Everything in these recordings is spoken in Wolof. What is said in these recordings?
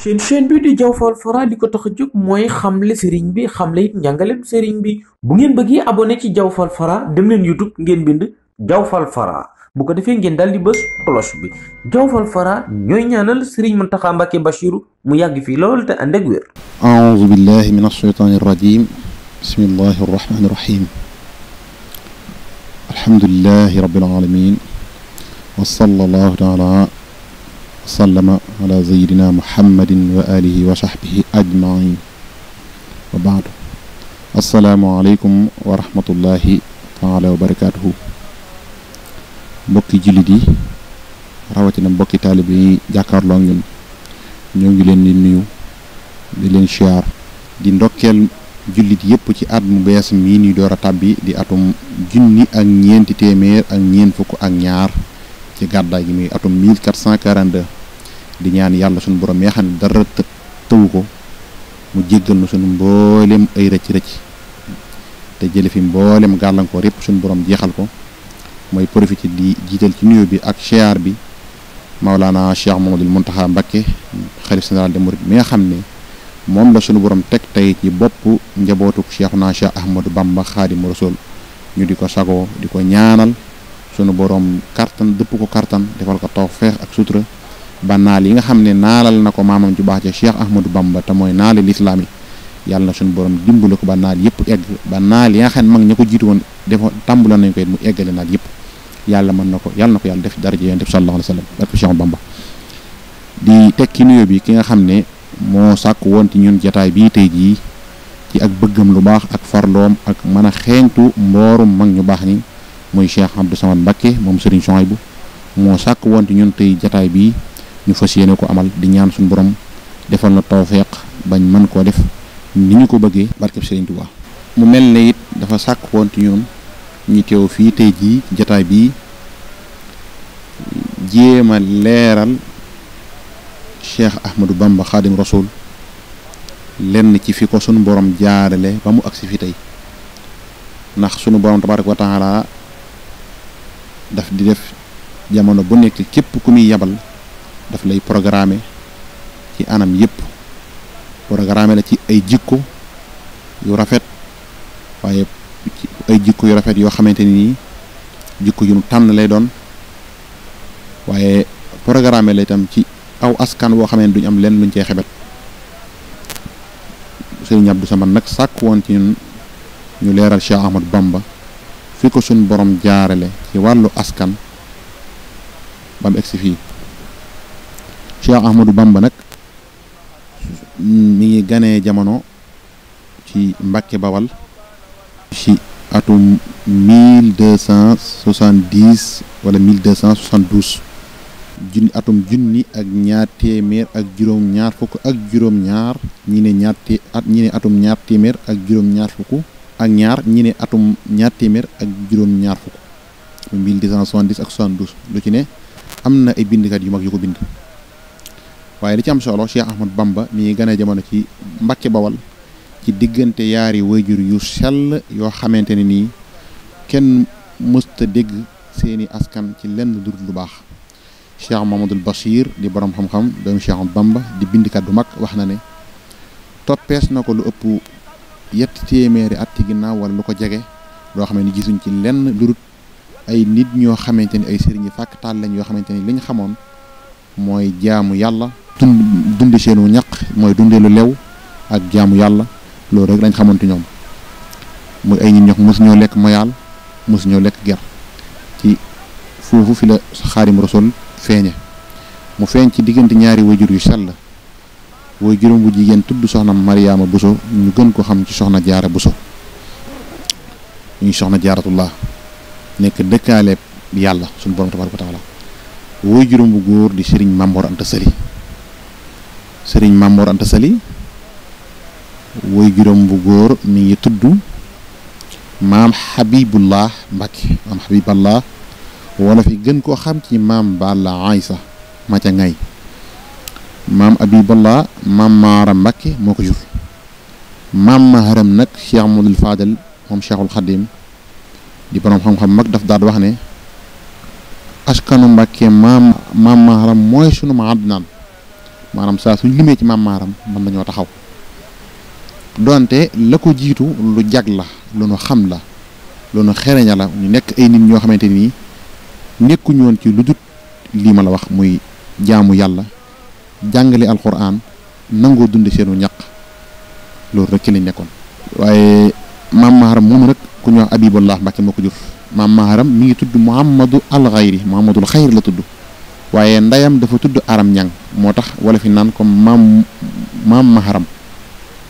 seen chaîne bi di Diawfal Fara li ko tax a jóg mooy xamle sëriñ bi xamle it njàngaleem sëriñ bi bu ngeen bëggee abonné ci Diawfal Fara dem leen YouTube ngeen bind Diawfal Fara bu ko defee ngeen daal di bës cloche bi Diawfal Fara ñooy ñaanal sëriñ Muntaxa Mbàkke Bachiru mu yàgg fii lool te ànd ak a aouzu billahi min ashaytaani rajim bismillahi arrahmani arrahim alhamdulilahi rabbil alamin wa sallallahu taala sallama ala sayidina muhammadin wa alihi wa sahbihi jullit yi rawatina mbokki taalibe yi jàkkaarloo ñun ñoo ngi leen di nuyu di leen siyaar di ndokkeel jullit yépp ci at mu bees mii ni door a tàbbi di atum junni ak ñeenti téeméer ak ñeent fukk ak ñaar ci gàddaay gi muy atum 1442 di ñaan yalla suñu borom yaxan dara tëwu ko mu jéggal nu sunu mboolem ay rëcc rëcc te jële fi mboolem gàllankoor yépp suñu borom jeexal ko mooy profité di jiital ci nuyu bi ak siyaar bi maulana cheikh mamadul muntaha mbakke xalif général de mourid mi nga xam ne moom la suñu borom teg tey ci bopp njabootuk cheikhuna cheikh ahmadou bamba xaadimu rasul ñu di ko sagoo di ko ñaanal suñu borom kartan dëpp ko kartan defal ko feex ak sutura banal yi nga xamne nalal nako mamam ju bax ca Cheikh Ahmadou Bamba ta moy naali l'islam yalla na suñu borom dimbul ko banal yep egg banal ya yi mag ñako jitu won defo nañ ko mu eggale naal yep yalla man na yalla nako na def daraje yonent bi sallallahu alaihi wasallam sallam Cheikh Bamba di tekki nuyo bi ki nga xamne mo sak won ti ci ñun jotaay bi tay ji ci ak bëggam lu bax ak farlom ak mana a morum mag ñu bax ni moy Cheikh Abdou Samad Mbacké mom Serigne Souhaïbou mo sak won ci ñun tay jotaay bi ñu fas yéene ko amal di ñaan suñu borom defal na tawfeex bañ man koo def ni ñu ko bëggee barkeb Serigne Touba. mu mel ne it dafa sàkk woon ci ñu teew fii tey jii jataay bii jéem a leeral Cheikh Ahmadou Bamba Khadim Rasoul lenn ci fi ko sunu borom jaarale ba mu agsi fi tey ndax sunu borom tabaaraka wa taala daf di def jamono bu nekk képp ku muy yabal. daf lay programé ci anam yépp programé la ci ay jikko yu rafet waaye ay jikko yu rafet yo xamanteni ni jikko yu tan lay don waaye programé la tam ci aw askan bo xamanteni duñ am lenn luñ cee xébet Serigne ñabdu sama nak sak won ci ñu léral Cheikh Ahmad Bamba fi ko sun borom jaarale ci walu askan bam egsi Cheikh Ahmadou Bamba nag mi ngi gane jamono ci Mbàkke Bawal ci atum mille deux cent soixante dix wala mille deux cent soixante douze junni atum junni ak ñaar téeméer ak juróom-ñaar fukk ak juróom-ñaar ñi ne ñaar té at ñi atum ñaar téeméer ak juróom-ñaar fukk ak ñaar ñi ne atum ñaar ak juróom-ñaar fukk mille deux cent soixante dix ak soixante douze lu ci ne am na ay bindkat yu mag yu ko bind waaye li ci am solo Cheikh Ahmad Bamba mi ngi a jamono ci Mbàkke Bawal ci diggante yaari wayjur yu sell yoo xamante ne nii kenn mësta dégg seeni askan ci lenn dul lu baax Cheikh Mamadul Bachir di borom xam-xam doomu Cheikh Ahmad Bamba di bindikat bu mag wax na ne toppees na ko lu ëpp yett téeméeri at ci ginnaaw wala lu ko jege loo xam ne gisuñ ci lenn lu ay nit ñoo xamante ni ay sëriñ yi fàkk taal lañ yoo xamante ni liñ xamoon mooy jaamu yàlla dund seen wu ñaq mooy dundee lu lew ak jaamu yàlla loolu rek lañ xamante ñoom mooy ay nit ñox mosu ñoo lekk mayaal mosu ñoo lekk ger ci foofu fi la xaadim rasul feeñe mu feeñ ci diggante ñaari wayjur yu sell wayjuram bu jigéen tudd soxna Mariyaama Buso ñu gën ko xam ci soxna jaara Buso ñuy soxna jaaratullah nekk dëkkaaleeb yàlla suñu borom tabaaraka wa taala wayjuram bu góor di sëriñ Mamor Anta Sali سرين مامور أنت سالي ويجرم بغور من يتدو مام حبيب الله بك مام حبيب الله وانا في جن كو خام كي مام بالا عايسة ما تنعي مام أبيب الله مام مارم بك مكجور مام مهرم نك شيخ مود الفادل مام شيخ الخادم دي بنام خام خام مك دف دار وحنه أشكنم بك مام مام مهرم مويشون معدنان مع maanaam saa suñ limee ci maam maaram mën nañoo taxaw donte la ko jiitu lu jag la lu xam la lu nu xereña la ñu nekk ay nit ñoo xamante nii nekkuñu woon ci lu dut lii ma la wax muy jaamu yàlla jàngale alxuraan nangoo dund seenu ñaq loolu rek ci lu nekkoon waaye maam maaram moomu nag ku ñu wax abibullah mbàkke moo ko jur maam maaram mi ngi tudd muhammadu alxayri muhammadul xayri la tudd waye ndayam dafa tudd aram ñang motax wala fi nan ko mam mam maharam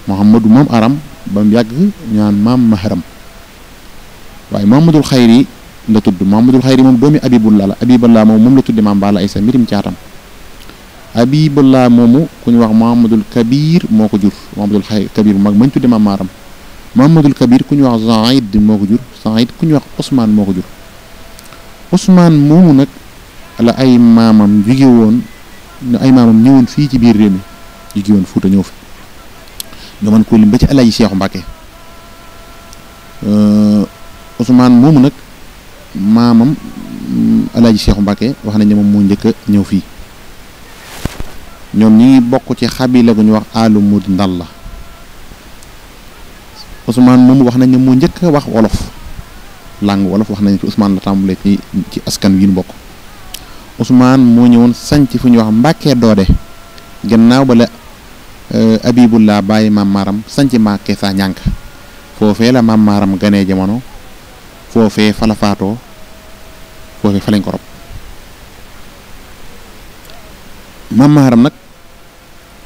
muhammadu mam aram bam yag ñaan mam maharam waye mamadul khairi la tudd mamadul Khairi mom doomi abibullah la abibullah mom mom la tudde mam bala isa mirim ciatam abibullah mom kuñ wax mamadul kabir moko jur mamadul xay kabir mag mañ tudde mam maram mamadul kabir kuñ wax zaid moko jur zaid kuñ wax usman moko jur usman mom nak la ay maamam jóge woon ay maamam ñëwoon fii ci biir réew mi jóge Fuuta ñëw fi nga mën koo lim ba ci Alaaji Seexu Mbàkke euh, Ousmane moomu nag maamam Alaaji Seexu Mbàkke wax nañ ne moom moo njëkk a ñëw fii ñoom ñi ngi bokk ci xabila gu ñu wax Aalu Mud Ndalla Ousmane wax nañ ne moo njëkk wax wolof langue wolof wax nañ ci Ousmane la tàmbalee ci ci askan wi ñu bokk Ousmane moo ñëwoon sanc fu ñuy wax Mbàkke Doode gannaaw ba la euh, Abibullah bàyyi maam Maram sanc Mbàkke sa ñànk foofee la maam Maram ganee jamono foofee fa la faatoo foofee fa ko rob maam Maram nag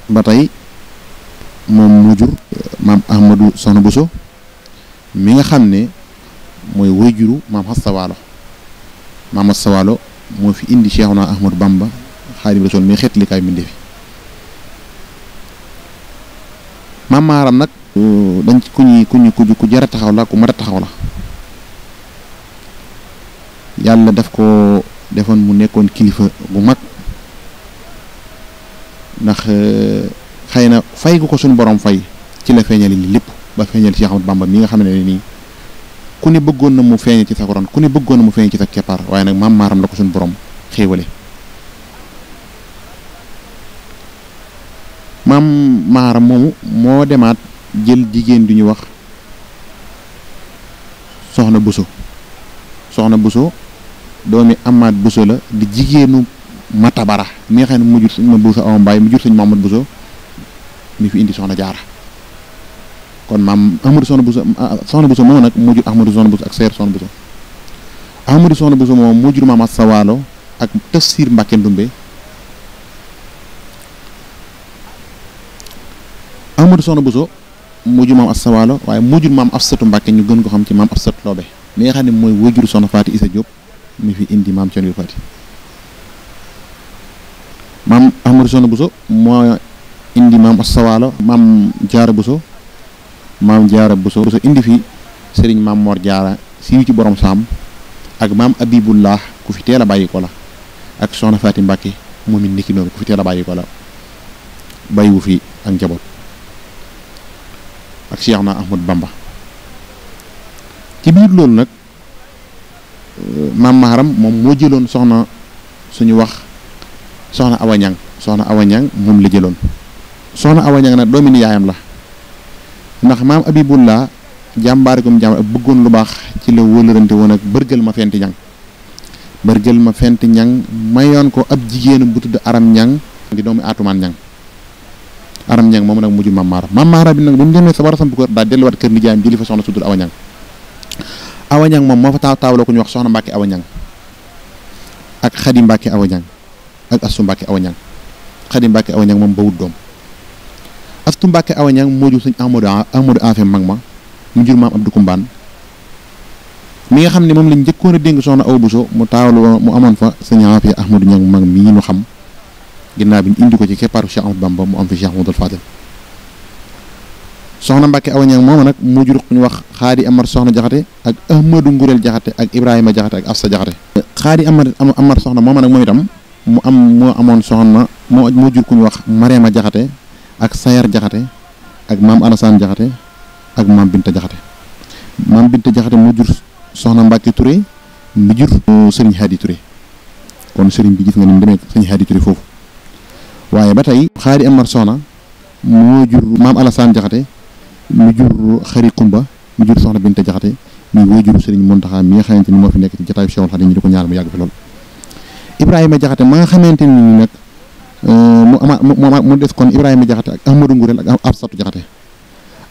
ba tey moom mu jur euh, maam Ahmadou Soxna Bousso mi nga xam ne mooy wëy maam Asta Waalo maam Asta Waalo moo fi indi Cheikhuna Ahmadou Bamba Xaadimu Rasuul mi xeet li kaay mbindee fi maam nag euh, dañ ci ku ñuy ku jar a taxaw la ku mat taxaw la yàlla daf ko defoon mu nekkoon kilifa bu mag ndax euh, xëy na fay gu ko suñu borom fay ci la feeñal li lépp ba feeñal Cheikh Ahmadou Bamba mi nga xam ne nii. ku ne bëggoon na mu feeñ ci sa koron ku ne bëggoon na mu feeñ ci sa keppaar waaye nag maam maaram la ko suñu borom xéewale maam maaram moomu moo demaat jël jigéen di ñu wax soxna buso soxna buso doomi amaat buso la di jigéenu matabara mi nga xam ne mu jur sëñ ma buso awa mu jur sëñ Maamad buso mi fi indi soxna jaara kon maam Ahmadou Soxna Bousso ah, ah, Soxna Bousso moom nag moo jur Ahmadou Soxna Bousso ak Seer Soxna Bousso Ahmadou Soxna Bousso moom moo jur maam Asta Waalo ak Tafsir Mbàkke Ndumbe Ahmadou Soxna Bousso moo jur maam Asta Waalo waaye moo jur Isa Diop mi fi indi maam Cerno Faati maam Ahmadou Soxna Bousso Jaara Bousso Mam jaara Bousso Bousso indi fi serigne maam Mor jaara siiw ci borom sam ak maam Abibullah ku fi teela bayiko la ak soxna Faati bakki moom niki non ku fi teela bayiko la bayiwu fi ak jabot ak cheikhna na Ahmad Bamba ci biir lool nak euh, maam Maharam mom Soana jëloon soxna suñu wax soxna Awa Ñang soxna Awa Ñang la soxna na domini la ndax maam abibulla jambar gum jam bëggoon lu baax ci le wóolurante won ak bërgël ma fenti ñang bërgël ma fenti ñang mayoon ko ab jigéenam bu tudd aram ñang di doomi atuman ñang aram ñang mom nak muju mamara mamara bi nak bu mu demee sa war a samp kër daa delluwaat kër di li fa soxna tudd awa ñang awa ñang mom mo fa taw taw la ko ñu wax soxna mbàkke awa ñang ak khadim mbàkke awa ñang ak asu mbàkke awa ñang khadim awa ñang mom ba wut surtout mbàkke awa ñang moju señ amadou amadou afé mag ma mu jur maam abdou kumban mi nga xam mom lañu lañ njëkkoon a dénk soxna aw buso mu tawlu mu amon fa señ afé ahmadou ñang mag mi ñu xam ginnaaw bi ñu indi ko ci keppaaru cheikh amadou bamba mu am fi cheikh amadou fadil soxna mbàkke awa ñang mom nak moo jur ñu wax khadi amar soxna jaxate ak ahmadou ngureel jaxate ak ibrahima jaxate ak afsa jaxate khadi amar amar soxna mom nak itam mu am mo amon soxna mo mo jur ku wax marema jaxate ak sayar jaxate ak maam Alassane jaxate ak maam Binta jaxate maam Binta jaxate mu jur soxna Mbacke Touré mu jur sëriñ Hadi Touré kon sëriñ bi gis nga ni mu demee sëriñ Hadi Touré foofu waaye ba tey xaari amar soxna moo jur maam Alassane jaxate mu jur xari Kumba mu jur soxna Binta jaxate muy woo juru sëriñ Muntaxa mi nga xamante ni moo fi nekk ci jataayu Cheikhul Khadim ñu di ko ñaar mu yàgg fi lool Ibrahima jaxate ma nga xamante ni nag mu euh, ama mu mu des kon Ibrahima Jaxate ak Ahmadou Ngourel ak Absatou Jaxate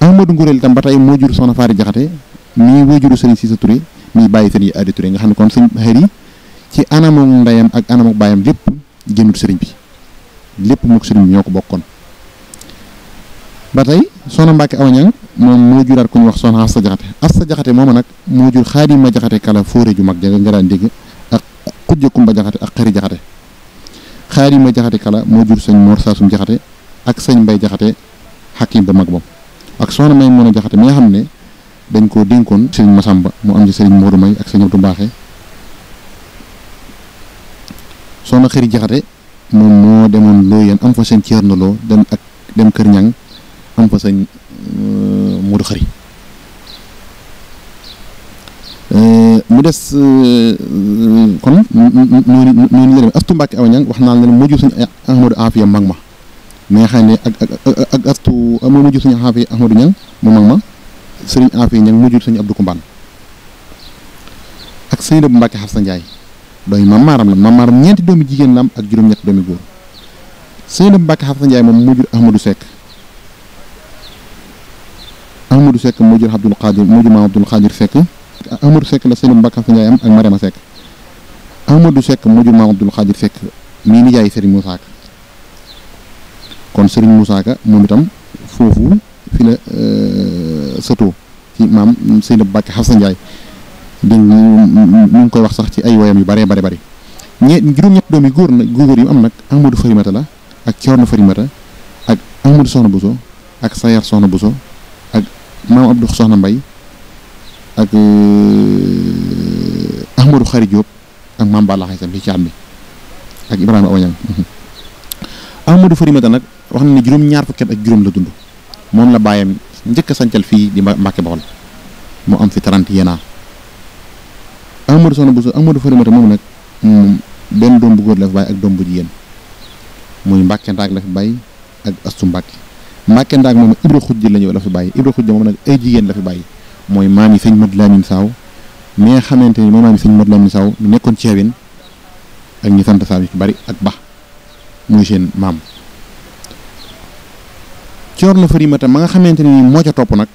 Ahmadou Ngourel tam ba tey moo jur soxna Faari Jaxate mii woo juru Serigne Cissé Touré mii bàyyi Serigne Adi Touré nga xam ne kon suñ xëri ci anamu ndeyam ak anamu baayam lépp génnut Serigne bi lépp mook ñoo ko bokkoon ba tey soxna Mbacke Awañang moom moo juraat ku ñu wax soxna Asta Jaxate Asta Jaxate mooma nag moo jur Xaadima Jaxate kala fóore ju mag ja nga daan dégg ak xujja Kumba Jaxate ak xari Jaxate xaarima jaxate kala moo jur sëñ Mor Saasum jaxate ak sañ Mbay jaxate xakim ba mag bam ak soxna may mën a jaxate mi xam ne dañ koo dénkoon sëñ Masamba mu am ci sëñ Modou May ak sëñ Abdou Baaxe soxna xëri jaxate moom moo demoon loo yéen am fa sëñ Ceerno Lo dem ak dem kër ñang am fa sëñ euh, Modou xëri Euh, mu des euh, kon noonu noonu la demee astu Mbàkke aw ñang wax naa leen mujj suñu Ahmadou Afiya mag ma mais xëy na ak ak ak astu moo mujj suñu Afiya Ahmadou ñang mu mag ma sëriñ Afiya ñang mujj suñu Abdou Kumbaan ak sëriñ bu Mbàkke Xafsa Njaay dooy maam maaram la maam maaram ñeenti doomi jigéen la ak juróom-ñetti doomi góor sëriñ bu Mbàkke Xafsa Njaay moom mujj Ahmadou Seck Ahmadou Seck mujj Abdul Xaadir mujj maam Abdul Xaadir Seck Amadou Seck la Serigne Mbacke Ndiaye am ak Mariama Seck Amadou Seck mu jur maam Abdoul Khadir Seck mii ni jaay Serigne Moussa kon Serigne Moussa moom itam foofu fi la euh, sëtoo ci maam Serigne Mbacke Xasan Ndiaye dégg mu ngi koy wax sax ci ay woyam yu bëree bëri bëri ñee juróom-ñett doom yi góor na góor yu am nag Amadou Farimata la ak Ceerno Farimata ak Amadou Soxna Bousso ak Sayar Soxna Bousso ak maam Abdou Soxna Mbay ak euh, Ahmadou Khary Diop ak Mame Balla Khaye tam ci caat bi ak Ibrahima Awañang mhm. Ahmadou Farimata nag wax na ni juróom ñaar fukki ak juróom la dund moom la bàyyam njëkk sancal fii di Mbàkke Bawol moo am fi 31 ans Ahmadou Soxna Bousso Ahmadou Farimata moom nag moom benn doom bu góor la fi bàyyi ak doom bu jigéen muy Mbàkke Ndaag la fi bàyyi ak Astu Mbàkke Mbàkke Ndaag moom Ibra Xujj la ñëw la fi bàyyi Ibra Xujj moom nag ay jigéen la fi bàyyi mooy maam yi sëñ Modou Lamine Saw mi nga xamante ni mooy maam yi sëñ Modou Lamine Saw mu nekkoon ci ak ñi sant Saw yu bari ak Ba muy seen maam Ceerno Farimata ma nga xamante ni moo ca topp nag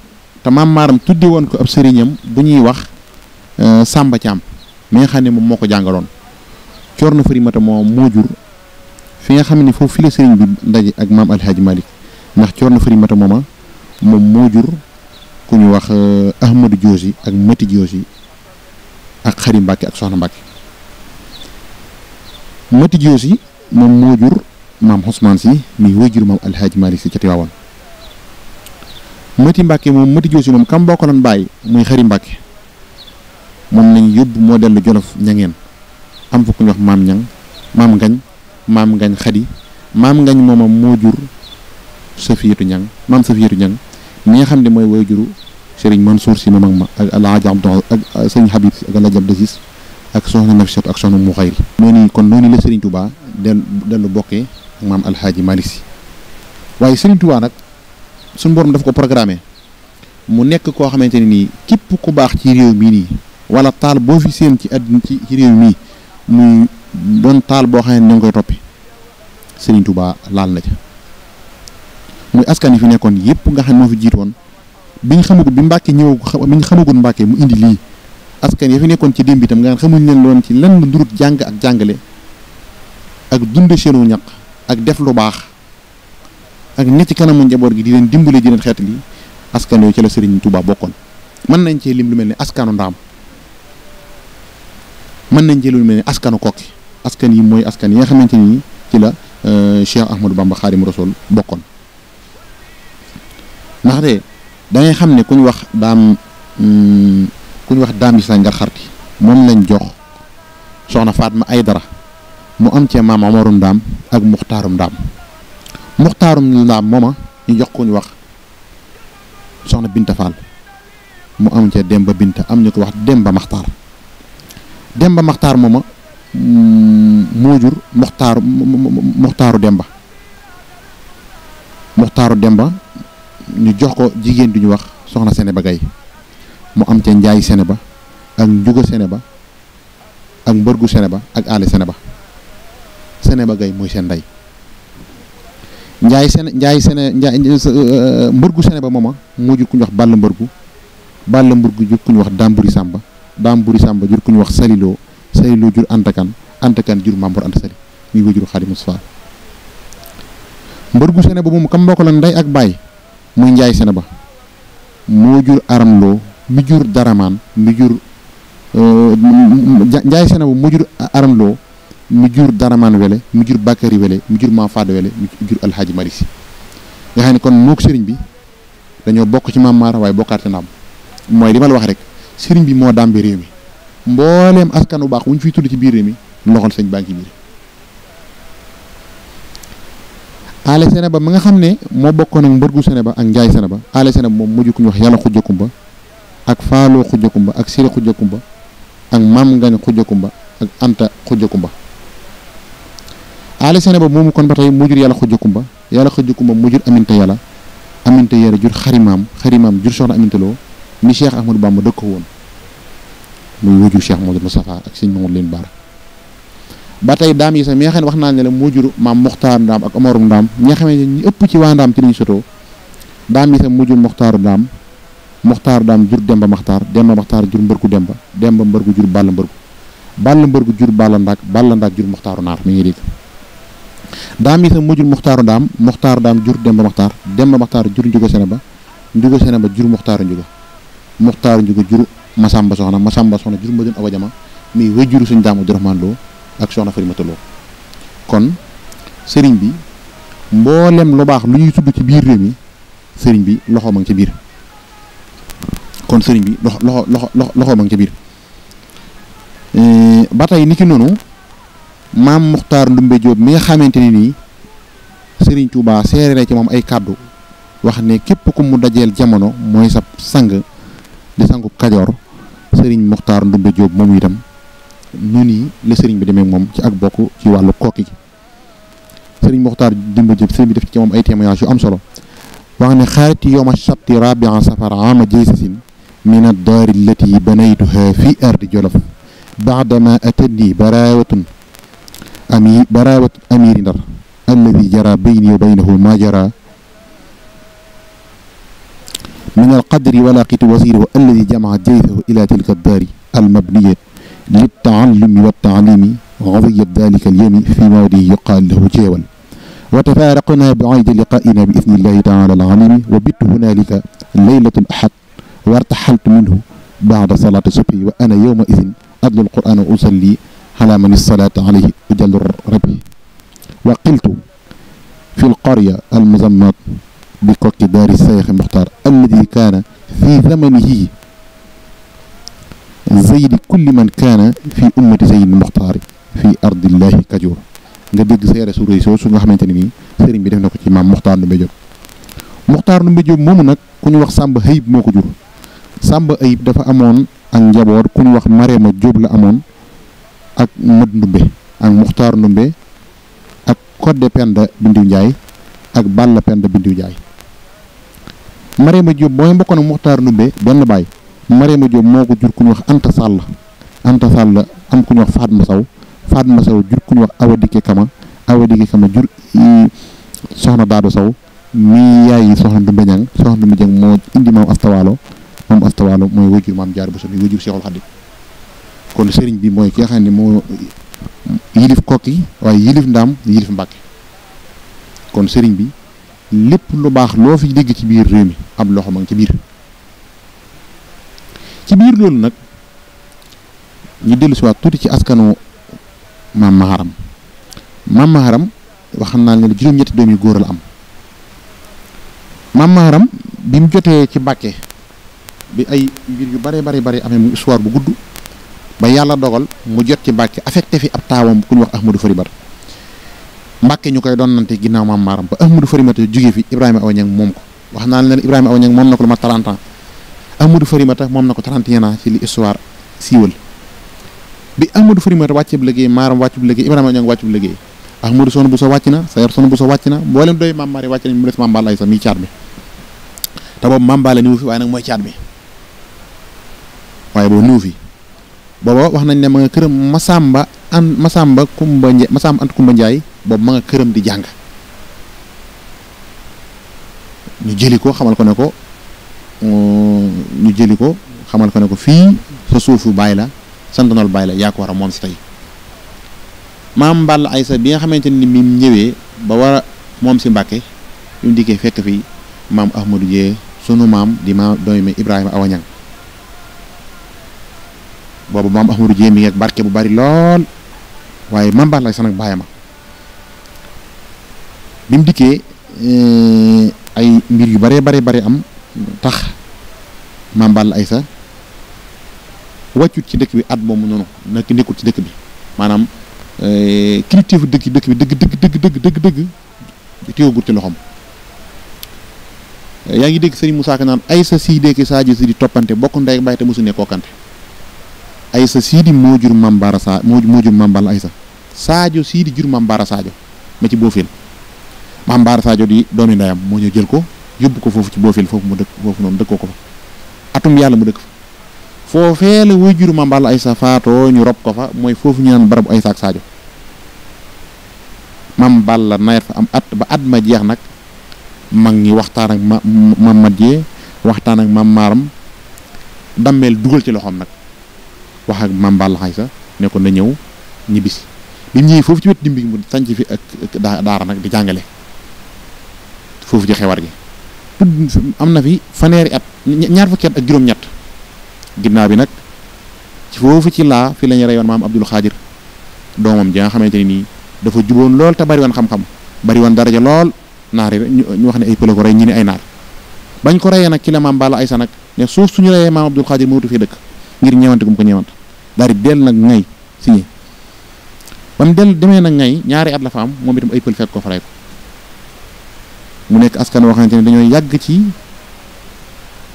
te maam maaram tuddi woon ko ab sëriñam bu ñuy wax euh, Samba Thiam mi nga xam ne moom moo ko jàngaloon Ceerno Farimata moo moo jur fi nga xam ne foofu fi la bi ndaje ak maam Alhaaji Malick ndax Ceerno Farimata mooma moom moo jur ku ñu wax euh, Ahmadou Diosi ak Mati Diosi ak Xari Mbàkke ak Soxna Mbàkke Mati Diosi moom moo jur maam Ousmane si mi way jur maam Alhaaji Malick si ca Tiwaawan Mati Mbàkke moom Mati Diosi moom kam bokkaloon bàyyi muy Xari Mbàkke moom nañ yóbbu moo dellu Jolof ñangeen am fa ku ñu wax maam ñang maam ngañ maam ngañ xadi maam ngañ moomam moo jur Safiyatu ñang maam Safiyatu ñang mi nga xam ne mooy waajuru Serigne Mansour si moom ak ma ak Alaaji Abdou ak Serigne Habib ak Alaaji Abdou Aziz ak soxna Nafisatu ak soxna Muxayri noonu kon noonu la Serigne Touba del dellu bokkee ak maam Alxaaji Malick Si waaye Serigne Touba nag suñu borom daf ko programmé mu nekk koo xamante ne nii képp ku baax ci réew mii nii wala taal boo fi séen ci àdduna ci réew mii muy doon taal boo xam ne ñoo ngi koy toppi Serigne Touba laal na ca. muy askan yi fi nekkoon yep nga xam mo fi jiitoon biñ xamagul bi mbacke ñew biñ xamagul mbacke mu indi li askan yi ya fi nekkoon ci démb tam nga xamul leen loon ci lan durut ak jangale ak dundé seenu ñak ak def lu bax ak ne ci kanamu njaboot gi di leen dimbulé di leen xeetali askan yo ci la Serigne Touba bokkon man nañ ci lim lu melni askanu ndam man nañ ci lu melni askanu kokki askan yi moy askan yi nga xamanteni ci la euh, Cheikh Ahmadou Bamba kharim rasoul bokkon ndax de da xam ne ku ñu wax daam mm, ku ñu wax daam gis nañ nga xarti moom lañ jox soxna ma ay dara mu am cee maam Amarum ndaam ak muxtaarum ndaam muxtaarum ndaam mooma ñu jox ku wax soxna Binta Fall mu am cee Demba Binta am ñu ko wax Demba Maxtaar Demba Maxtaar mooma mm, moo jur muxtaaru muxtaaru Demba muxtaaru Demba. ñu jox ko jigéen duñu wax soxna Seneba gay mu am ci njaay Seneba ak njugo Seneba ak mbërgu Seneba ak ali Seneba Seneba gay moy sen nday njaay sene njaay sene njaay mbërgu Seneba moma mu jur ñu wax ball mbërgu ball mbërgu juk ñu wax damburi samba damburi samba, juk ñu wax salilo salilo jur antakan antakan jur mambur anta sali muy wajuru borgu sfar ba Seneba mom kam mbokk la ak bàyyi muy njaay sene ba moo jur aram loo mi jur daramaan mi jur euh, njaay sene ba moo jur aram loo mi jur daramaan wele mi jur bàkkari wele mi jur maam fadd wele mi jur alxaaji marisi nga xam ne kon mook sëriñ bi dañoo bokk ci maam maara waaye bokkaate naam mooy li la wax rek seriñ bi moo dàmbi réew mi mbooleem askan bu baax wu ñu fiy tudd ci biir réew mi loxol sëñ baa ngi ci biir Allé ba mi nga xam ne moo bokkoon ak mbërgu Sénéba ak Njaay Sénéba Allé Sénéba moom mujj ku ñu wax yàlla xujja kumba ak faaloo xujja kumba ak siri xujja kumba ak maam ngañ xujja kumba ak kon ba tey mu jur yàlla xujja kumba yàlla xujja kumba mu jur aminte yàlla aminte yàlla jur xarimaam xarimaam jur soxna aminte mi Cheikh Ahmadou Bamba dëkk ko woon muy wujju Cheikh Modou Moustapha ak sëñ Mamadou Leen Baara ba tey daam yi sax mi nga xam ne wax naa ne la moo jur maam Moxtaar Ndaam ak Omarum Ndaam ñi nga xam ne ñi ëpp ci waa Ndaam ci la ñu sotoo daam yi sax moo jur Moxtaaru Ndaam Moxtaaru Ndaam jur Demba Maxtaar Demba Maxtaar jur mbërku Demba Demba mbërku jur Balla mbërku Balla mbërku jur Balla Ndaak Balla Ndaak jur Moxtaaru Naar mi ngi dégg daam yi sax moo jur Moxtaaru Ndaam Moxtaaru Ndaam jur Demba Maxtaar Demba Maxtaar jur Njuga Seneba Njuga Seneba jur Moxtaaru Njuga Moxtaaru Njuga jur Masamba Soxna Masamba Soxna jur Madun Awa Jama muy wéjjuru suñu daamu Abdourahmane Lo ak soxna Farimata kon sëriñ bi mboolem lu baax lu ñuy ci biir réew mi sëriñ bi loxo ma ngi biir kon sëriñ bi loxo ngi ca biir ba tey ni ki noonu maam Muxtaar Ndumbe Jóob mi nga xamante ni nii sëriñ Tuubaa seere na ci moom ay kàddu wax ne képp ku mu dajeel jamono mooy sab sang di sangub Kajoor sëriñ Muxtaar Ndumbe Jóob moom itam noonu yi la sëriñ bi demee moom ci ak bokk ci wàllu kokki sëriñ Moxtaar Demba Diop sëriñ bi def ci moom ay témoignage yu am solo wax ne xaarati yowma sabti rabia safar ama jaysasin min addaari allati banaytuha fi ardi jolof baadama atani baraawatun ami baraawatu amiri ndar alladi jara bayni wa baynahu ma jara min alqadri wa laqitu wasiirahu alladi jamaca jaysahu ila tilka addaari almabniyat للتعلم والتعليم وغضية ذلك اليوم في موضع يقال له جيول وتفارقنا بعيد لقائنا بإذن الله تعالى العليم وبت هنالك ليلة الأحد وارتحلت منه بعد صلاة الصبح وأنا يومئذ أدل القرآن وأصلي على من الصلاة عليه أجل ربي وقلت في القرية المزمت بكوك دار الشيخ المختار الذي كان في زمنه zaydi kulli man kaana fi ummati zaydi muxtaari fi ardillahi kajoor nga dégg seere su rëy su nga xamante ni nii sëriñ bi def na ko ci maam Muxtaar Ndumbe Jóob Muxtaar Ndumbe Jóob moomu nag ku ñu wax Sàmba Ayib moo ko jur Sàmba Ayib dafa amoon ak njaboot ku ñu wax Mareema Jóob la amoon ak Mët Ndumbe ak Muxtaar Ndumbe ak Kodde Penda Bindiw Njaay ak Balla Penda Bindiw Njaay Mareema Jóob mooy mbokkoon ak Muxtaar Ndumbe benn baay Mariama Diop moo ko jur ku ñu wax Anta Sall Anta la am ku ñu wax Fatma Saw ma Saw jur ku ñu wax Awa Dikke Kama Awa Dikke Kama jur soxna Daado Saw mii yaay yi soxna Ndumbe Ñang soxna Ndumbe Ñang moo indi maam astawaalo maam astawaalo mooy wajur maam jaar bu so mi wajur Seexul Xadiim kon sëriñ bi mooy ki nga xam ne moo yilif kokki waaye yilif ndaam yilif mbàkke kon sëriñ bi lépp lu baax loo fi dégg ci biir réew mi ab loxo ma ngi ci biir ci nak loolu nak ñu delu ci wat tuuti ci askanu mam maharam mam maharam waxam na ne juroom ñetti doomi goor la am mam maharam bi mu jotté ci bi ay mbir yu bare bare bare amé mu histoire bu gudd ba yalla dogal mu jot ci mbàkke affecté fi ab tawam ku ñu wax ahmadou faribar mbàkke ñukay don donnante ginnaaw maam ba ahmadou faribar jógee fi ibrahima awañang mom ko waxnal len ibrahima awañang mom na lu ma 30 ans Amadou Farimata moom na ko 31 ans ci li histoire siiwal bi Amadou Farimata wàccub liggéey Maaram wàccub liggéey Ibrahima Ñang wàccub liggéey Ahmadou Soxna wàcc na Sayor Soxna Bousso wàcc na mboolem doy Maam Mari wàcc nañ mu des Maam Balla Aysa mii caat bi te boobu Maam Balla ñëw fi waaye nag mooy caat bi waaye boobu ñëw fi booba wax nañ ne ma nga këram Masamba an Masamba Kumba Njaay Masamba Ant Kumba Njaay boobu ma nga këram di jàng ñu jëli ko xamal ko ne ko ñu jëli ko xamal ko ne ko fi sa suufu bàyyi la santanol bàyyi la yaa ko wara a tay mam tey maam bi nga xamanteni ni mi ba wara mom si fi mam ahmadou ye sunu mam di ma doomi Ibrahim awañang boobu mam ahmadou ye mi ak barke bu bari lool waye mam mbàll aysa nak bayama bim mu euh ay mbir yu bare bare bare am tax mambal aïssa waccu ci dëkk bi at moomu noonu nekk nekkul ci dëkk bi euh kilifteefu dëkk dëkk bi dëgg dëgg dëgg dëgg dëgg dëgg téewagul ci loxoom ya ngi dégg sëriñ Moussa Ka aïssa Aysa sii dee ki Sadio si di toppante bokk nday bàyyi musu mosu ne kookante Aysa sii di moo jur Sa mojur mambal aïssa maam Balla di jur mambara Baara ma ci bo fil mambara Sadio di doomi ndayam mo ñu jël ko yóbbu ko foofu ci boofil foofu mu dëkk foofu noonu dëkkoo ko fa atum yàlla mu dëkk fa foofee la wuy juru maam Balla faatoo ñu rob ko fa mooy foofu ñu naan barabu Aysa ak Saajo maam Balla nawet fa am ba at ma jeex nag mag ñi waxtaan ak ma maam waxtaan ak maam Maaram dammeel dugal ci loxoom nag wax ak maam Balla Aysa ne ko na ñëw ñibbisi bi ñëwee foofu ci wet dimbi mu sanc fi ak daara nag di jàngale foofu ci xewar gi tudd am na fi faneri at ñaar fukki at ak juroom ñatt ginnaw bi nak ci fofu ci la fi lañu rayon maam Abdul khadir domam ja xamanteni ni dafa juboon lol ta bari won xam-xam bari won daraja lol naar yi ñu wax ni ay pël ko ray ñi ni ay naar bañ ko reyee nak ci la maam bala Aysa nak ne suuf suñu maam Abdul khadir mootu fi dekk ngir ñewante gum ko ñewante dari del nak ngay si bam del demee nak ngay ñaari at la fa am ay fek ko fa ko mu nekk askan woo ni ne dañoo yàgg ci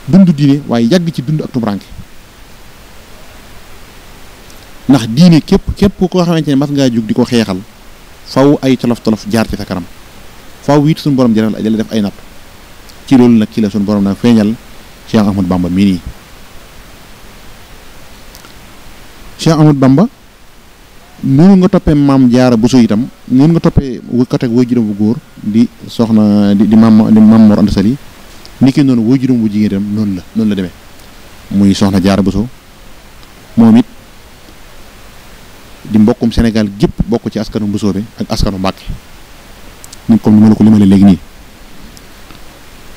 dund diine waaye yàgg ci dund ak tumuranke ndax diine képp képp koo xamante ni mas ngaa jug di ko xeexal faw ay tolof-tolof jaar ci sa kanam faw boroom suñu borom jëral def ay natt ci loolu nag ci la suñu borom nag feeñal Cheikh Ahmad Bamba mii nii Cheikh Ahmad Bamba noonu nga toppee maam jaara buso itam noonu nga toppee wëkkat ak waajuram bu góor di soxna di di maam di maam Mor Anta Sali ni ki noonu waajuram bu jigéen itam noonu la noonu la demee muy soxna jaara buso moom it di mbokkum Sénégal gépp bokk ci askanu buso bi ak askanu Mbàkke ni comme ni ma la ko limalee léegi nii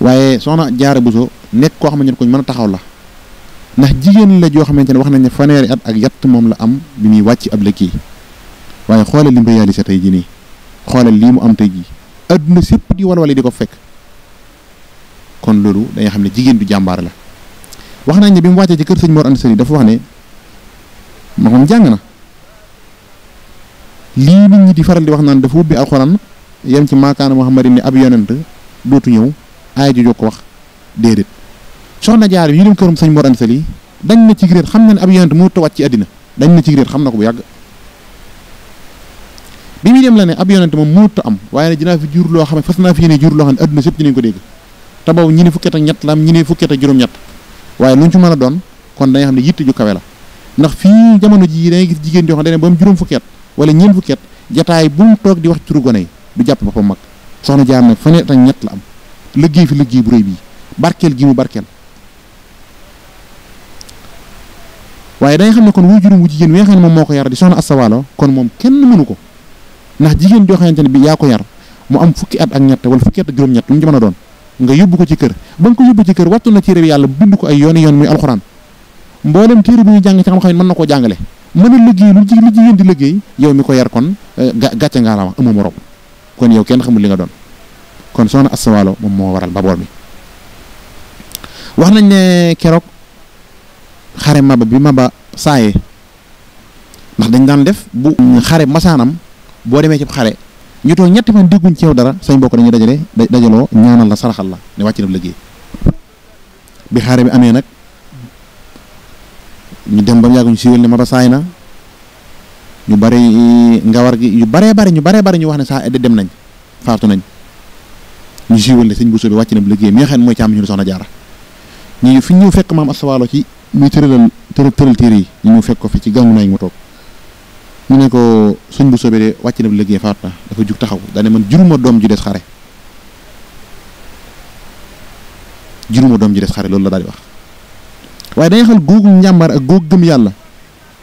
waaye soxna jaara buso nekk koo xamante ne ko mën a taxaw la ndax jigéen la joo xamante ne wax nañ ne fanweeri at ak yatt moom la am bi muy wàcc ab lëkk waaye xoolal li mu réalisé tey jii nii xoolal lii mu am tey jii adduna sépp di wan wala di ko fekk kon loolu dañuy xam ne jigéen du jàmbaar la wax nañ ne bi mu wàccee ci kër sëñ Mor Anta dafa wax ne ma moom jàng na lii nit ñi di faral di wax naan dafa ubbi alxuraan yem ci maakaana Muhammadin ne ab yonent dootu ñëw aaya ju ko wax déedéet soxna jaar yi ñu dem këram sëñ Mor Anta dañ na ci réer xam na ne ab yonent mënut a ci àddina dañ na ci réer xam na ko bu yàgg. bi muy dem la ne ab yonente moom mënut a am waaye ne dinaa fi jur loo xam ne fas naa fi yéene jur loo xam ne adduna sépp dinañ ko dégg te boobu ñi ne fukki at ak ñett la am ñi ne juróom-ñett waaye luñ ci mën a doon kon dañuy xam ne yitte ju kawe la ndax jamono ji dangay gis jigéen yoo xam ne ba juróom fukki wala ñeen fukki at jataay bu di wax turu gone yi du jàpp boppam mag soxna jaam nag fanweer ak ñett la am liggéey fi liggéey bu réy bii barkeel gi mu barkeel waaye dangay xam ne kon wuy juróom wu jigéen wi nga xam ne moom moo ko yar di soxna astawaalo kon moom kenn mënu ko ndax jigéen joo xamante ne bi yaa ko yar mu am fukki at ak ñett wala fukki at ak juróom-ñett lu mu ci a doon nga yóbbu ko ci kër ba nga ko yóbbu ci kër wattu na téere bi yàlla bind ko ay yooni yoon muy alxuraan mboolem téere bu ñu jàng ci xam-xam ne mën na koo jàngale mën a liggéey lu lu jigéen di liggéey yow mi ko yar kon eh, gàcce ngaa la wax amoo kon yow kenn xamul li nga doon kon soxna Asta Walo moom moo waral baboor bi wax nañ ne keroog xare maba bi maba saaye ndax dañ daan def bu xare masaanam boo demee ci xare ñu toog ñetti fan dégguñ ci yow dara say mbokk dañuy dajale dajaloo ñaanal la saraxal la ne wàcc na liggéey bi xare bi amee nag ñu dem ba mu yàgg ñu siiwal ne Maba saay na ñu bare ngawar gi yu baree bari ñu baree bari ñu wax ne saa dem nañ faatu nañ ñu siiwal ne sëñ Bousso bi wàcc na liggéey mi nga xam ne mooy càmm ñu soxna jaara ñu fi ñëw fekk maam asawaalo ci muy tëralal tëral tëral téere yi ñu ñëw fekk ko fi ci gàngu nañ mu toog ñu ne ko sëñ bu soobee de wàcc na bu liggéey faat dafa jug taxaw daane man juruma doom ju des xare juruma doom ju des xare loolu la daal di wax waaye da nga xam googu njàmbaar ak googu gëm yàlla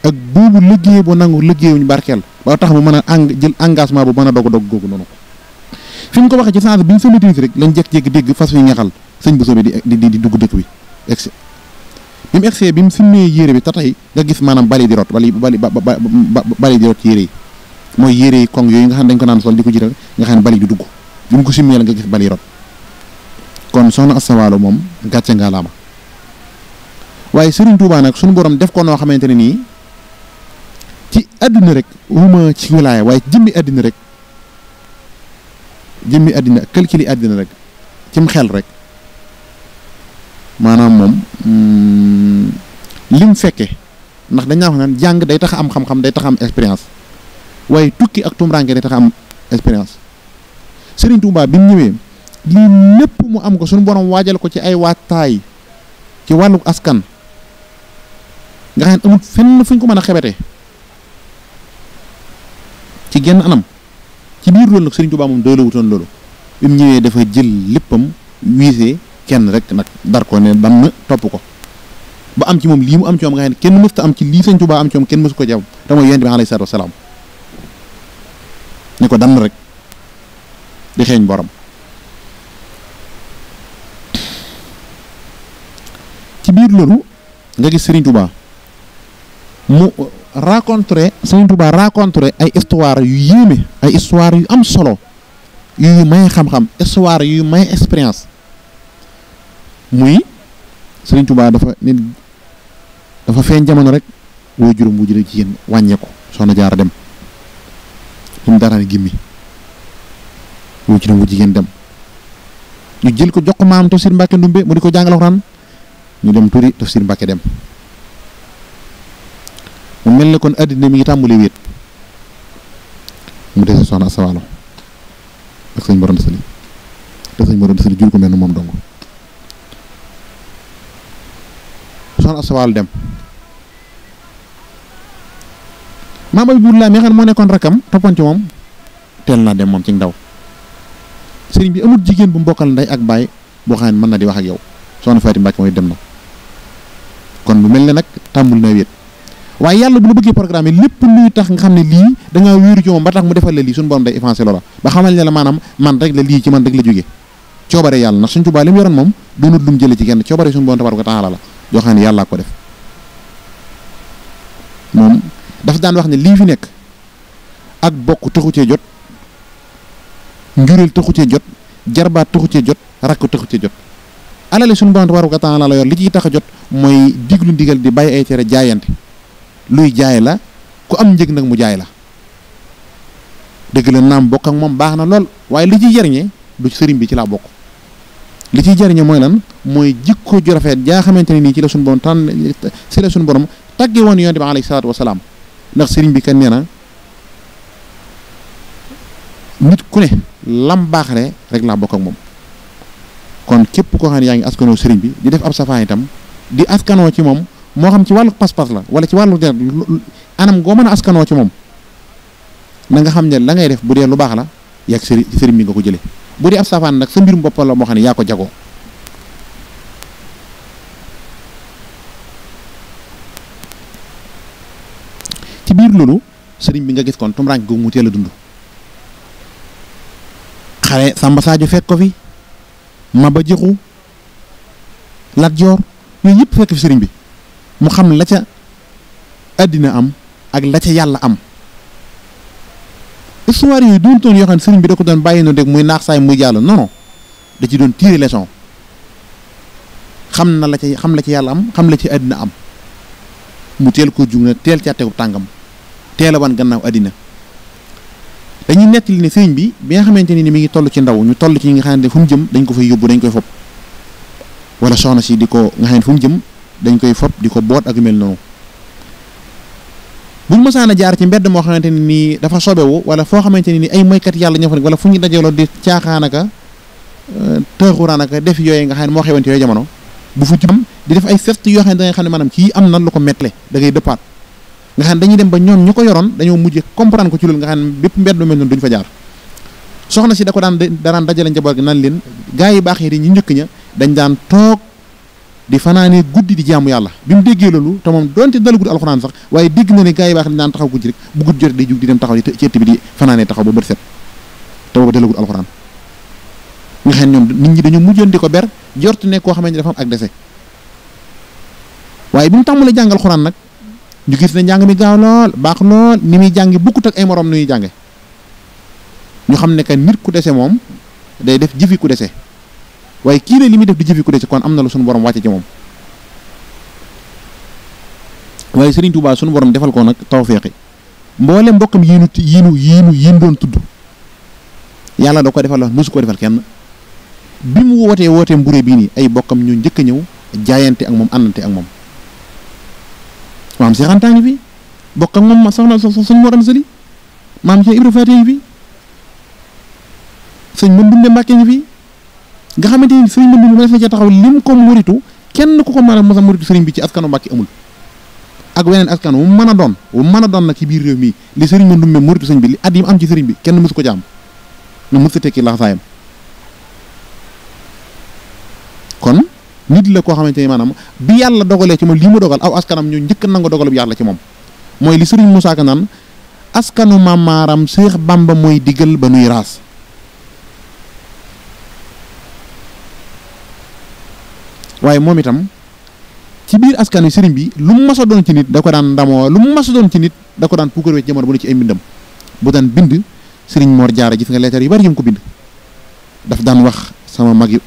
ak boobu liggéey bu nangu liggéeyuñ barkeel ba tax mu mën a eng jël engagement bu mën a dog dog googu noonu fi mu ko waxee ci sens bi ñu soo rek lañ jekk jékki dégg fas wi nga xal sëñ bu soobee di di di dugg dëkk bi bi mu egsee bi mu simmee yére bi te tey nga gis maanaam bali di rot bali bali bali di rot yére yi mooy yére yi kong yooyu nga xam dañ ko naan sol di ko jiital nga xam ne bali du dugg bi mu ko simmee la nga gis bali rot kon soxna Asta Walo moom gàcce nga laama waaye Serigne Touba nag suñu borom def ko noo xamante ne nii ci àddina rek wuma ci wilaaya waaye jëmmi àddina rek jëmmi àddina calculi àddina rek cim xel rek maanaam moom mm, li mu fekkee ndax dañ wax naan jàng day tax am xam-xam day tax am expérience waaye tukki ak tumuraanke day tax am expérience bi mu ñëwee lii lépp mu am ko suñu borom waajal ko ci ay waataay ci wàllu askan nga xam ne amul fenn fu ñu ko mën a xebetee ci genn anam ci biir loolu nag Serigne Touba moom doy la loolu bi ñëwee dafa jël léppam wiisee kenn rek nag dar ko ne dam na topp ko ba am ci moom lii mu am ci moom nga xam kenn mësta am ci lii Sëñ Tuubaa am ci moom kenn mësu ko ci am te mooy yonent bi alayhi salaatu ko dam rek di xeeñ ci biir loolu nga gis Sëriñ Tuubaa mu raconter Sëriñ Tuubaa ay histoire yu yéeme ay histoire yu am solo yu may xam-xam histoire yu may expérience muy Serigne tubaa dafa nit dafa feeñ jamono rek wooy juróom wu jigéen wàññeeku soxna jaara dem suñ dara ne gimmi wooy juróom wu jigéen dem ñu jël ko jox ko maam tafsir Mbàkke Ndumbe mu di ko jàngal alxuraan ñu dem turi tafsir Mbàkke dem mu mel ne kon àddina mi ngi tàmbali wéet mu dese soxna Asawaalo ak sëñ Mor Anta ko mel ne moom dong soxna aswaal dem maam abibullah mi xam moo nekkoon rakam topon ci mom tel na dem mom ci ndaw serigne bi amul jigen bu mbokal nday ak bay bo xane man na di wax ak yow sonu fati moy dem na kon bu melni nak tambul na wet waye yalla bu lu bëggee programme lepp luy tax nga xam li lii nga wéeru ci mom ba tax mu defal la lii borom day effacé lola ba xamal ne la manam man rek la lii ci man rek la jóge coobare yalla nag suñ tubaab li yoron mom do doonut lu mu ci kenn coobare suñu borom tabaraka taala la yoo xam ne yàllaa ko def moom dafa daan wax ne lii fi nekk ak bokk taxu cee jot njureel taxu cee jot jarbaat taxu cee jot rakk taxu cee jot alali suñu bant waru ko temps la yor li ciy tax a jot mooy diglu ndigal di bàyyi ay tere jaayante luy jaay la ku am njëg nag mu jaay la dëgg la naam bokk ak moom baax na lool waaye li ciy jariñee du sëriñ bi ci laa bokk li ci jariñu moy lan moy jikko ju rafet ja xamanteni ni ci la sun borom tan ci la sun borom tagge won yoni bi alayhi salatu ndax bi kan neena nit ku ne lam ne rek la bok ak mom kon kep ko xani yaangi askano ngi bi di def ab safa itam di askano ci mom mo xam ci walu pas-pas la wala ci walu anam goma meuna askano ci mom na nga xam ne la ngay def bu de lu bax la yak sëriñ bi nga ko jëlee bu dee ab safaan nag sa mbirum boppam la moo xam ne yaa ko jagoo ci biir loolu sëriñ bi nga gis kon tumuraanke gu mu teel a dund xale Samba Sadio fekk ko fi Maba Jaxu Lat Joor yooyu yëpp fekk fi sëriñ bi mu xam la ca àddina am ak la ca yàlla am histoire yooyu doontoon ton xam ne sëriñ bi da ko doon bàyyi noonu rek muy naax saay muy jàll non non da ci doon tirer leçon xam na la ci xam la ci yàlla am xam la ci àddina am mu tel koo jug na teel càtteeku tàngam teel a wan gannaaw àddina dañuy nettali ne sëriñ bi bi nga xamante ni mi ngi toll ci ndaw ñu toll ci ñi nga xam ne fu mu jëm dañ ko fay yóbbu dañ koy fob wala soxna si di ko nga xam ne fu mu jëm dañ koy fob di ko boot ak yu mel noonu buñ mësaan saana jaar ci mbedd mo xamanteni ni dafa sobe wu wala fo xamanteni ni ay moykat yàlla ñoo fa nekk wala fu ñu dajaloo di caaxaanaka euh, tëxuraanaka def yoy nga xam mo xewante yoy jamono bu fu jam di def ay sert yo xam da nga xam manam ki am nan lu ko mettle da ngay depart nga xam dañuy dem ba ñoom ñuko yoron yoroon dañoo mujj comprendre ko ci loolu nga xam bëpp mbedd lu mel duñ fa jaar soxna ci da ko daan daan dajale njaboot gi nan leen gaay yi baax yi di ñu njëkk ña dañ daan tok di fanaanee guddi di jaamu yàlla bi mu déggee loolu te moom donte dalagul alxuraan sax waaye dégg na ne gars yi baax ne daan taxaw guddi rek bu guddi jot day jug di dem taxaw ci ëtt bi di fanaane taxaw ba bët set te booba dalagul alxuraan nga xam ñoom nit ñi dañoo mujjoon di ko ber jort ne koo xamee ne dafa am ak dese waaye bi mu tàmbalee jàng alxuraan nag ñu gis ne njàng mi gaaw lool baax lool ni muy jàngi bokkut ak ay moroom ni muy jànge ñu xam ne que nit ku dese moom day def jëfi ku dese waaye kii ne li muy def di jëfiku de ci kon am na la suñu borom wàcce ci moom waaye sëriñ Tuubaa suñu borom defal ko nag tawféexi mboole mbokkam yiinu yiinu yiinu yiin doon tudd yàlla da ko defal mosu ko defal kenn bi mu wootee wootee mbure bii nii ay bokkam ñu njëkk a ñëw jaayante ak moom àndante ak moom maam Seex Anta ngi fi bokk ak moom soxna suñ Mor Anta Sali maam Seex Ibra Faati ngi fi sëñ Mandumbe Mbàkke ngi fi nga xamante ni sëriñ Ndumbe bi ma defee ca taxaw lim ko muritu kenn ku ko mën a mos a muritu sëriñ bi ci askanu amul ak weneen askan wu mën a doon wu mën a doon nag biir réew mi li sëriñ ma Ndumbe muritu sëriñ bi li at yi mu am ci sëriñ bi kenn mosu ko jaam ñu mos a tekki la koo xamante ni maanaam bi yàlla dogalee ci moom lii mu dogal aw askanam ñu njëkk nangu dogalub yàlla ci moom mooy li sëriñ Ka naan askanu mamaaram Seex Bamba mooy diggal ba nuy raas waye mom itam ci bir askanu serigne bi lu ma mas don ci nit da ko dan ndamoo lu ma mas don ci nit da ko dan puukar wet jamono bu ci ay bu dan bind serigne Mor Jaara gis nga leetar yu bari yum ko bind daf dan wax sama magi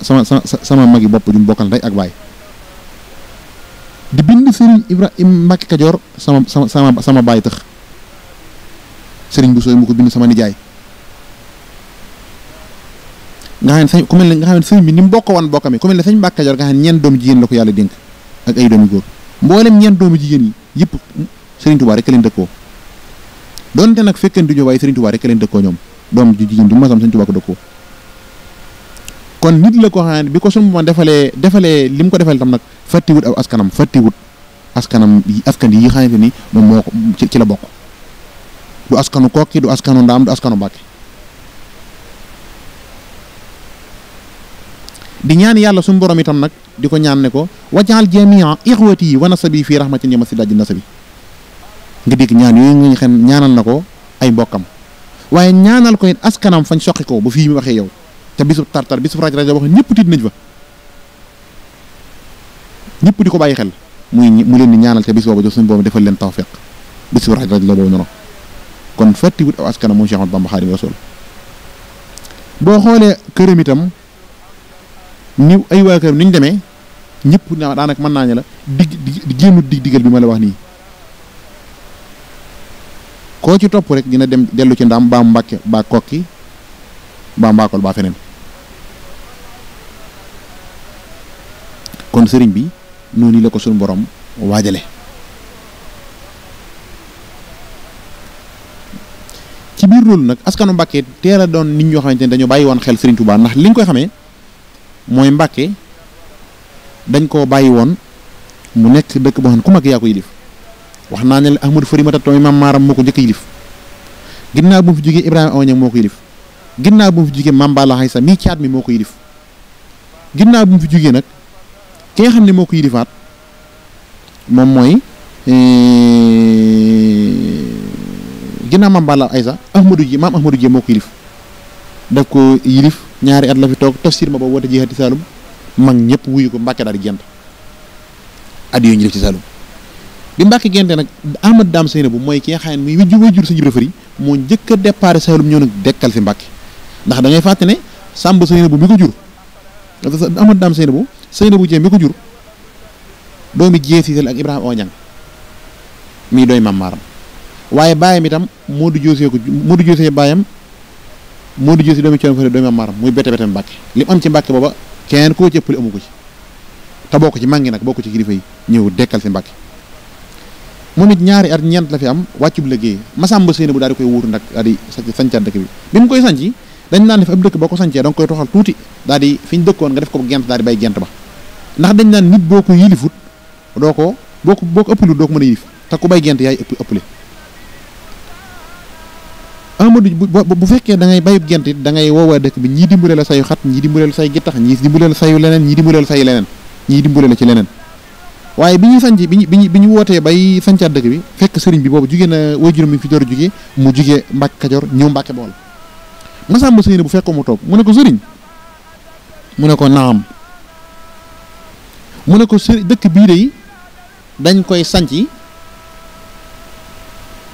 sama sama sama magi bop ju bokal bokkal ak baay di bind serigne ibrahim Mbacke kadior sama sama sama sama baay tëx sëriñ bu soy mu ko bind sama nijaay nga xam sañ ku mel nga xam sëñ bi ni mbokk wan bokkami ku mel ne sëñ mbàkke jor nga xam ñeen doomu jigéen la ko yàlla dénk ak ay doomu góor mboolem ñeen doomu jigéen yi yëpp sëriñ tubaa rek leen dëkkoo donte nag fekkeen du ñu waaye sëriñ tubaa rek leen dëkkoo ñoom doom ju jigéen du masam ko kon nit la ko bi ko suñu ma defalee lim ko defal tam nag fàttiwut aw askanam fàttiwut askanam askan yi xamante ni moom moo ko ci la bokk du askanu kokki du askanu ndaam du askanu mbàkke di ñaan yàlla suñu borom itam nag di ko ñaan ne ko wajaal jamia ixwati yi a nasabi fii rahmatin yama si dajji nasabi nga dégg ñaan yooyu nga xam ñaanal na ko ay mbokkam waaye ñaanal ko it askanam fañ soqi ko ba fii mu waxee yow te bisu tartar bisub raj raj wax ñëpp tiit nañ fa ñëpp di ko bàyyi xel muy mu leen di ñaanal te bis boobu jox suñu boobu defal leen tawfiq bisub raj raj la boobu noonu kon fàttiwut aw askanam moom Cheikh Ahmadou Bamba Xaadimu Rasuul boo xoolee këram itam ni ay waa këram ñu demee ñëpp daanaka mën naa ñu la digg di génn dig digal bi ma la wax nii koo ci topp rek dina dem dellu ci ndaam baam mbàkke baa kokki baa mbaakol baa feneen kon sëriñ bi noonu la ko suñu borom waajale ci biir loolu nag askanu mbàkke teel a doon nit ñoo xamante ne dañoo bàyyi woon xel sëriñ Tuubaa ndax li koy xamee mooy Mbàkke dañ koo bàyyi woon mu nekk dëkk boo xam ne ku mag yaa ko yilif wax naa ne Ahmadu Farimata Tooy maam moo ko njëkk yilif ginnaaw bu mu fi jógee Ibrahima Awaña moo ko yilif ginnaaw bu mu Maam mi moo ko yilif ginnaaw bu mu fi jógee moo ko yilifaat moom mooy ginnaaw Maam Balla Xaysa Ahmadu ji moo ko yilif daf ko yilif ñaari at kan la fi tok tafsir ma ba wote jihad salum mag ñëpp wuyu ko mbacke dal gënd ad at ñu def ci salum bi mbacke gënd nak ahmad dam seyna bu mooy ki nga xam muy wéjju wéjjur sa jibra mo moo njëkk départ salum ñëw nak dekkal ci mbacke ndax da ngay faté né samb seyna bu mi ko jur ahmad dam seyna bu seyna bu jee mi ko jur doomi jee siisal ak ibrahim oñang mi doy mam waye bayam itam modou du ko modou du bayam moo di jël si doomi Cerno Fari doomi Maram muy bette bette Mbàkke li mu am ci Mbàkke booba kenn koo ci ëppale amu ko ci te bokk ci màngi nag bokk ci kilifa yi ñëw dekkal si Mbàkke moom it ñaari at ñeent la fi am wàccub liggéey Masamba Seyni bu daal di koy wuutu nag daal di dëkk bi bi koy sanci dañ naan def ab dëkk boo ko sancee da nga koy toxal tuuti daal di fi ñu dëkkoon nga def ko gent daal di bay gent ba ndax dañ naan nit boo ko yilifut doo ko boo ko ëpp lu doo ko mën a yilif te ku bay gent yaay ëpp ëppale Amadou bu bu fekkee da ngay bayub gent it dangay ngay woowaa dëkk bi ñii dimbale la sayu xat ñii dimbale la say gittax ñii dimbale la sayu leneen ñii dimbale la sayu ñii dimbale la ci leneen waaye bi ñuy sanc bi ñu bi ñu bi ñu wootee bay sancaat dëkk bi fekk sëriñ bi boobu jugee na waajuram mi fi door jugee mu jugee Mbàkke Kajoor ñëw Mbàkke Bawol Masamba Sëy na bu fekkoon mu toog mu ne ko sëriñ mu ne ko naam mu ne ko sëriñ dëkk bii de dañ koy sanc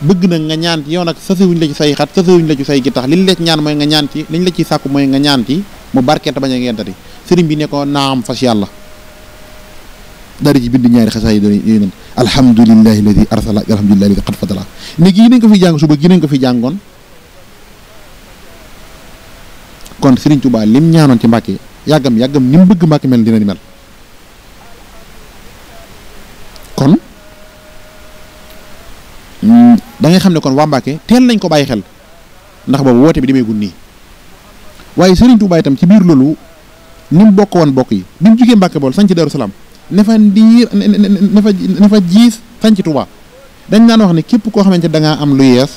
bëgg na nga ñaan ci yow nag sasewuñ la ci say xat sasewuñ la ci say gi tax liñ la ci ñaan moy nga ñaan ci liñ la ci sakku moy nga ñaan ci mu barké ta baña ngeen tati sëriñ bi ne ko naam fas yalla dari ci bind ñaari xasaa yi doon yooyu nan alhamdulillahi ladi arsala alhamdulillahi ladi qad fadala ne gi nañ ko fi jang suba gi nañ ko fi jangon kon sëriñ tuba lim ñaanon ci mbacké yagam yagam ni bëgg mbacké mel dina ni mel kon Mm, da ngay xam ne kon waa Mbàkke teel nañ ko bàyyi xel ndax boobu woote bi demee gun nii waaye Serigne Touba itam ci biir loolu ni bokk woon bokk yi bi mu jugee Mbàkke bool sanc Daaru Salaam ne fa ndiir ne fa jiis sanc dañ naan wax ne képp koo xamante da ngaa am lu yees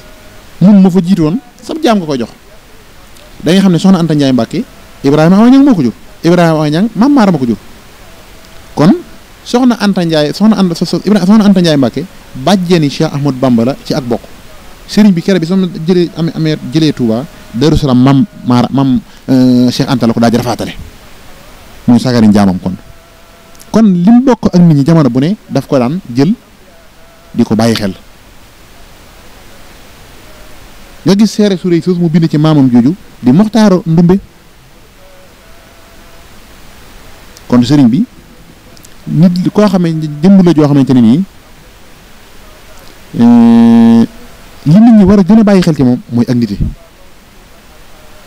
mun ma fa jiitoon sam jaam nga ko jox da xam ne soxna Anta Ndiaye Mbàkke Ibrahima Awa Ñang moo ko jur Ibrahima Awa Ñang maam Maara ma ko jur kon soxna Anta Mbàkke bàjjeeni Cheikh Ahmad Bamba la ci ak bokk sëriñ bi kere bi sama jëlee amee amee jëlee Touba Darou Salaam mam maara mam euh, Cheikh Anta la ko daaj rafaatale muy sagari jaamam kon kon lim ñi jamono bu ne daf ko daan jël di ko bàyyi xel nga gis seere su rëy suus mu bind ci maamam jooju di moxtaaro ndumbe kon sëriñ bi nit koo xamee jëmm la joo xamante ne nii Euh, li nit ñi war a gën a bàyyi xel ci moom mooy ak nite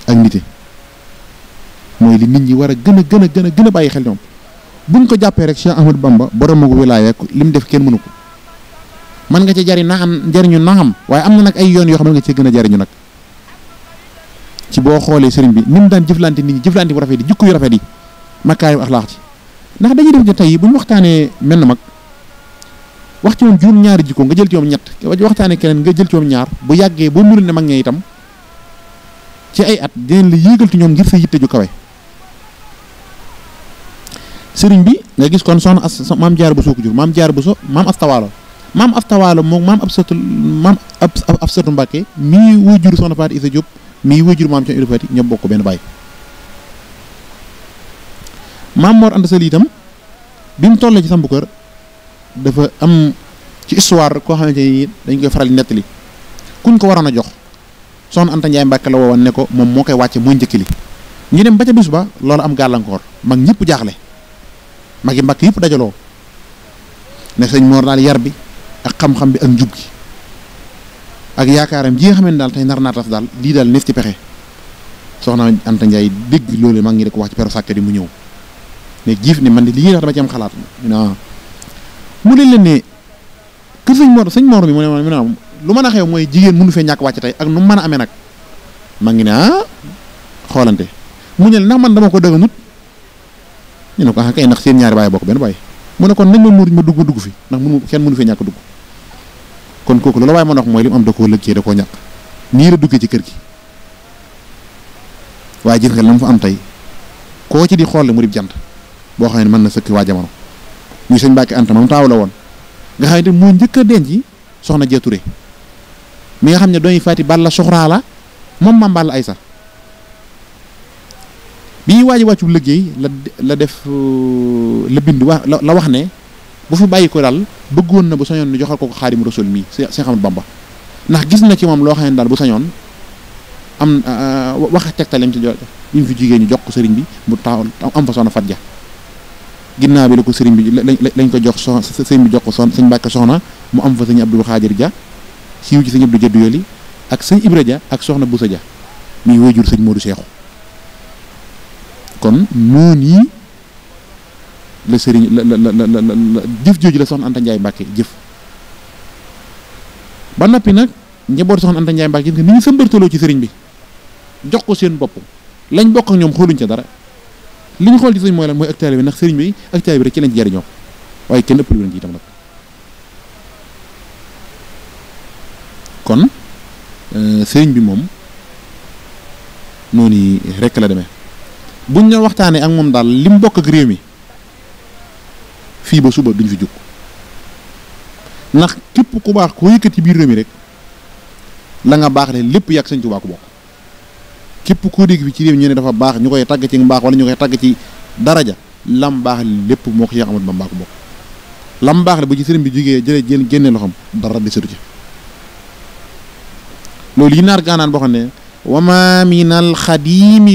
ak nite mooy li nit ñi war a gën a gën a gën a gën a bàyyi xel ci moom buñ ko jàppee rek Cheikh Ahmadou Bamba borom ak wilaaya li mu def kenn mënu ko mën nga ci jariñ na am jariñu na xam waaye am na nag ay yoon yoo xam ne nga cee gën a jariñu nag ci boo xoolee sëriñ bi ni mu daan jëflante nit ñi jëflante bu rafet yi jikko yu rafet yi makkaayu axlaax ci ndax dañuy def ne tey bu ñu waxtaanee menn mag wax ci moom juróom ñaari jikko nga jël ci moom ñett waxtaane keneen nga jël ci moom ñaar bu yàggee boo nuru ne mag ne itam ci ay at dinañ la yéegal ci ñoom ngir sa yitte ju kawe sëriñ bi nga gis kon son as maam jaar ba soo ko jur maam jaar bu so maam astawaalo maam astawaalo moom maam ab satu ab ab satu mbàkke mii wuy jur soxna faati isa jóob mii wuy jur maam coono idu faati ñoo bokk benn baay maam moor ànd sali itam bi mu tollee ci sambu kër dafa am ci histoire koo xamante ni dañ koy faral di nettali kuñ ko waroon a jox soxna Anta Ndiaye Mbacke la woowoon ne ko moom moo koy wàcce mooy njëkk li ñu dem ba ca bis ba loolu am gàllankoor mag ñëpp jaaxle mag yi mbàkk yëpp dajaloo ne sëñ Mor daal yar bi ak xam bi ak njub gi ak yaakaaram ji nga xam ne daal nar naa daal lii ci pexe soxna Anta Ndiaye dégg loolu mag ñi di ko wax ci pero sàkket yi mu ñëw ne jiif ne man de lii daal dama ci am xalaat mu ne leen ne kër sëñ Mor sëñ Mor bi mu ne ma ne lu a xew mooy jigéen mënu fee ñàkk wàcc tey ak nu mën a amee nag maa ngi ne ah xoolante mu ne ndax man dama ko dëgganut ñu ne ko ah kay seen ñaari baay bokk benn baay mu ne kon nañ ma muur ma dugg dugg fi ndax mënu kenn mënu fee ñàkk dugg kon kooku loolu waaye mën wax mooy li mu am da koo lëkkee da koo ñàkk nii la duggee ci kër gi waaye gis nga la mu fa am tey koo ci di xool mu dib jant boo xam ne mën na sëkk waa jamono muy sëñ Mbàkke Anta moom taaw la woon nga xam ne moo njëkk a denc soxna Jeeture mi nga xam ne doy fàtti Balla Soxraa la moom maam Balla sax bi ñuy waaj a wàccu liggéey la la def euh, la bind wax la wax ne bu fi bàyyi ko daal bëggoon na bu sañoon ni joxal ko ko Xaadimu Rasuul mii si si xamul Bamba ndax gis na ci moom loo xam ne daal bu sañoon am euh, wax tegtalem ci jo li mu fi jigéen ñi jox ko sëriñ bi mu taaw am fa soxna Fadja. ginnaaw bi la ko sëriñ bi lañ ko jox soxna sëriñ bi jox ko soxna sëñ Mbàkke mu am fa sëñ Abdou Xaadir Dia siiw ci sëñ Abdou Jaddu Yoli ak sëñ Ibra Dia ak soxna Busa Dia muy wajur sëñ Modou Seexu kon noonu yi sëriñ la la la la la jëf jooju la soxna Anta Ndiaye Mbàkke jëf ba noppi nag njaboot soxna Anta Ndiaye Mbàkke ni ñu sëmbartaloo ci sëriñ bi jox ko seen bopp lañ bokk ñoom xooluñ ca dara li ñu xool ci sëñ mooy lan mooy ak bi ndax sëriñ bi ak bi rek ci lañ ci jariñoo waaye kenn ëpp lu leen ci itam nag euh, bi moom noonu rek la demee buñ doon waxtaanee ak moom daal li bokk ak réew mi fii ba suba duñ fi jóg ndax képp ku baax koo yëkkati biir réew mi rek la nga baax leen lépp yàgg sañ Tuubaa ku bokk. kep ku dig bi ci rew ñene dafa bax ñukoy tag ci mbax wala ñukoy tag ci daraja lam bax lepp mo ko amul Ahmadou Bamba ko bokk lam bax la bu ci sëriñ bi jugge jele jël loxam dara de seru ci lol yi nar ganan bo xone wa ma min al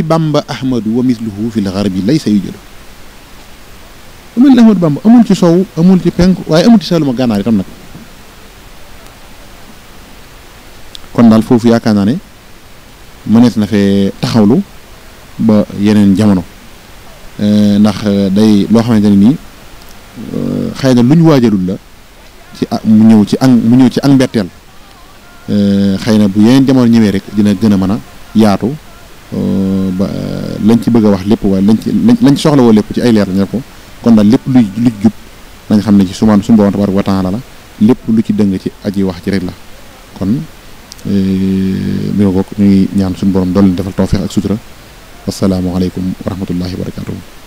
bamba ahmad wa misluhu fil gharbi laysa yujadu amul ahmadu bamba amul ci sow amul ci penk waye amul ci saluma ganar itam nak kon dal fofu yakana ne mënees na fee taxawlu ba yeneen jamono euh, ndax euh, day loo xamante ne nii euh, xëy na lu ñu waajalul la ci mu ñëw ci ang mu ñëw ci ang mbetteel xëy na bu yeneen jamono ñëwee rek dina gën a mën a yaatu ba lañ ci bëgg a wax lépp waaye lañ ci lañ soxla woo lépp ci ay leer lañ ko kon daal lépp luy lu jub nañ xam ne ci sumaan suñu borom tabaaraka la lépp lu ci dëng ci aji wax ci rek la kon bi eh, bokk ñu ngi ñaan suñu borom doon defal tawfeex ak sutura wasalaamualeykum wa rahmatullahi wa barakatuhu